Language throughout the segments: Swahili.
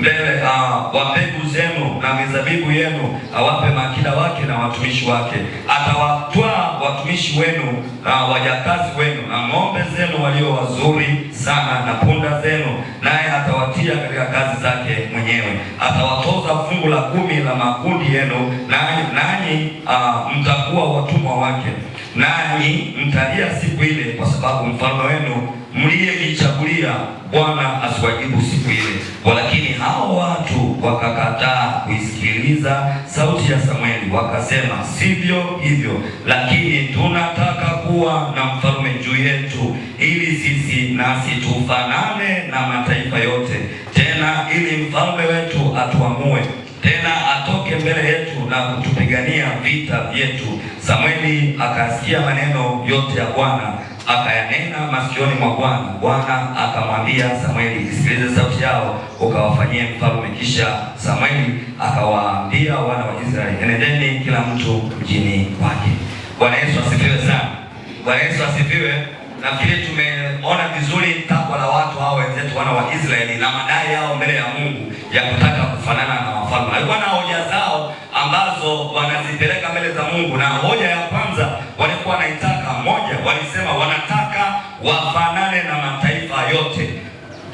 mbele uh, ah, wa mbegu zenu na mizabibu yenu awape ah, makida wake na watumishi wake. Atawatwaa watumishi wenu na ah, wajakazi wenu na ng'ombe zenu walio wazuri sana na punda zenu, naye atawatia katika kazi zake mwenyewe. Atawatoza fungu la kumi la makundi yenu, nanyi uh, mtakuwa watumwa wake, nanyi mtalia siku ile, kwa sababu mfalme wenu mlie Biblia Bwana asiwajibu siku ile. Walakini hao watu wakakataa kuisikiliza sauti ya Samueli, wakasema, sivyo hivyo, lakini tunataka kuwa na mfalme juu yetu, ili sisi nasi tufanane na mataifa yote, tena ili mfalme wetu atuamue tena atoke mbele yetu na kutupigania vita vyetu. Samueli akasikia maneno yote ya Bwana akayanena masikioni mwa Bwana. Bwana akamwambia Samweli, isikilize sauti yao ukawafanyie mfalme. Kisha Samweli akawaambia wana wa Israeli, enendeni kila mtu mjini kwake. Bwana Yesu asifiwe sana. Bwana Yesu asifiwe. Nafikiri tumeona vizuri takwa la watu hao wenzetu wana wa Israeli na madai yao mbele ya Mungu ya kutaka kufanana na wafalme. alikuwa na hoja zao ambazo wanazipeleka mbele za Mungu, na hoja ya kwanza walikuwa wanaitaka moja, walisema wanataka wafanane na mataifa yote.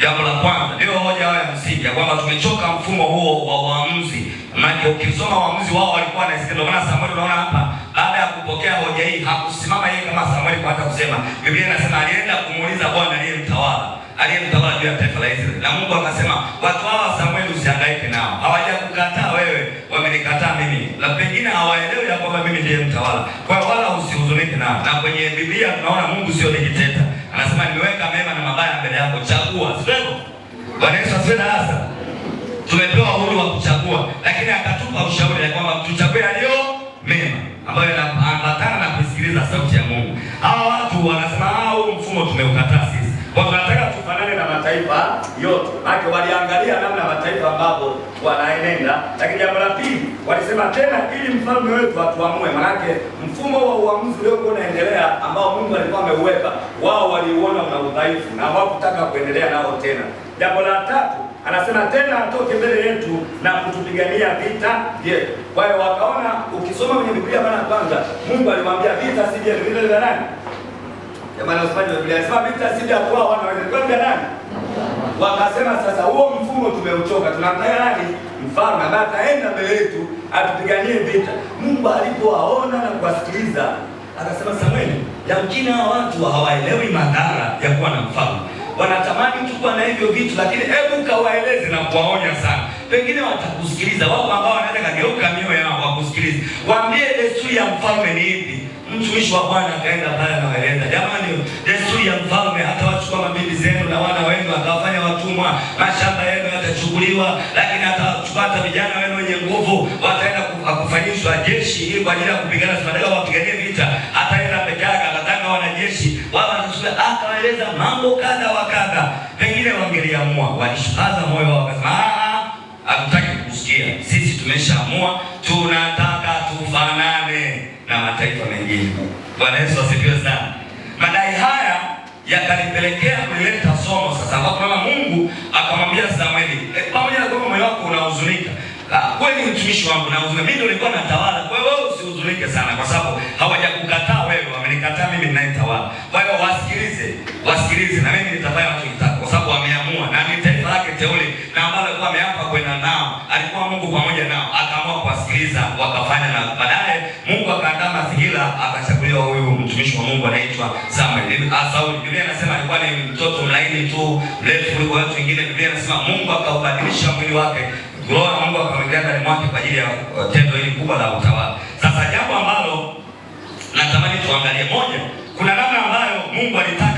Jambo la kwanza ndio hoja yao ya msingi ya kwamba tumechoka mfumo huo wa waamuzi. Maana ukisoma waamuzi wao walikuwa wanasema, ndio maana Samuel unaona hapa baada ya kupokea hoja hii hakusimama yeye kama Samuel kwa hata kusema. Biblia inasema alienda kumuuliza Bwana aliyemtawala, aliyemtawala juu ya taifa la Israeli, na Mungu akasema watu hawa Samuel usiangalie kwamba mimi ndiye mtawala. Kwa hiyo wala usihuzunike na Na kwenye Biblia tunaona Mungu sio dikteta. Anasema nimeweka mema na mabaya mbele yako, chagua, sivyo? Bwana Yesu asifiwe. Hasa tumepewa uhuru wa kuchagua, lakini akatupa ushauri ya kwamba tuchague yaliyo mema ambayo yanaambatana na kusikiliza sauti ya Mungu. Hawa watu wanasema, ah, huu mfumo tumeukataa sisi. Kwa tunataka mataifa yote. Maana waliangalia namna mataifa ambapo wanaenenda. Lakini jambo la pili, walisema tena, ili mfalme wetu atuamue. Maanake mfumo wa uamuzi uliokuwa unaendelea ambao Mungu alikuwa ameuweka, wao waliuona una udhaifu na hawakutaka kuendelea nao tena. Jambo la tatu anasema tena atoke mbele yetu na kutupigania vita vyetu. Kwa hiyo wakaona, ukisoma kwenye Biblia mara kwanza, Mungu alimwambia vita si vya vile vya nani? Jamani, usimaje Biblia, sema vita si vya kwao, wana vya nani? Wakasema sasa huo mfumo tumeuchoka, tunamtaka nani? Mfalme ambaye ataenda mbele yetu atupiganie vita. Mungu alipowaona na kuwasikiliza akasema, Samweli, yamkini hawa watu hawaelewi madhara ya kuwa na mfalme, wanatamani tu kuwa na hivyo vitu, lakini hebu kawaeleze na kuwaonya sana pengine watakusikiliza wao, ambao wanaweza kageuka mioyo yao wakusikilize. Waambie desturi ya mfalme ni ipi? Mtumishi wa Bwana akaenda pale na anawaeleza, jamani, desturi ya mfalme hatawachukua mabibi zenu na wana wenu akawafanya watumwa, mashamba yenu yatachukuliwa, lakini atawachukua hata vijana wenu wenye nguvu, wataenda kufanyishwa jeshi ili kwa ajili ya kupigana, badala wapiganie vita. Ataenda peke yake, akataka wanajeshi wao, akawaeleza mambo kadha wa kadha, pengine wangeliamua, walishupaza moyo wao wakasema ah, tumeshaamua tunataka tufanane na mataifa mengine. Bwana Yesu asifiwe sana. Madai haya yakalipelekea kuleta somo sasa, ambapo kama Mungu akamwambia Samueli, e, pamoja na kwamba moyo wako unahuzunika, ah, wewe ni mtumishi wangu, nahuzunika mimi, ndio nilikuwa natawala. Kwa hiyo wewe usihuzunike sana, kwa sababu hawajakukataa wewe, wamenikataa mimi ninayetawala. Kwa hiyo wasikilize, wasikilize na mimi nitafanya wanachokitaka, kwa sababu wameamua, na ni taifa lake teule na ambalo alikuwa ameapa kwenda nao akapanda na baadaye Mungu akaandaa mazingira, akachaguliwa huyu mtumishi wa Mungu anaitwa Samuel. Ah, Sauli, Biblia inasema alikuwa ni mtoto mlaini tu, mrefu kuliko watu wengine. Biblia inasema Mungu akaubadilisha mwili wake, roho ya Mungu akamwekea ndani mwake kwa ajili ya uh, tendo hili kubwa la utawala. Sasa jambo ambalo natamani tuangalie, moja, kuna namna ambayo Mungu alitaka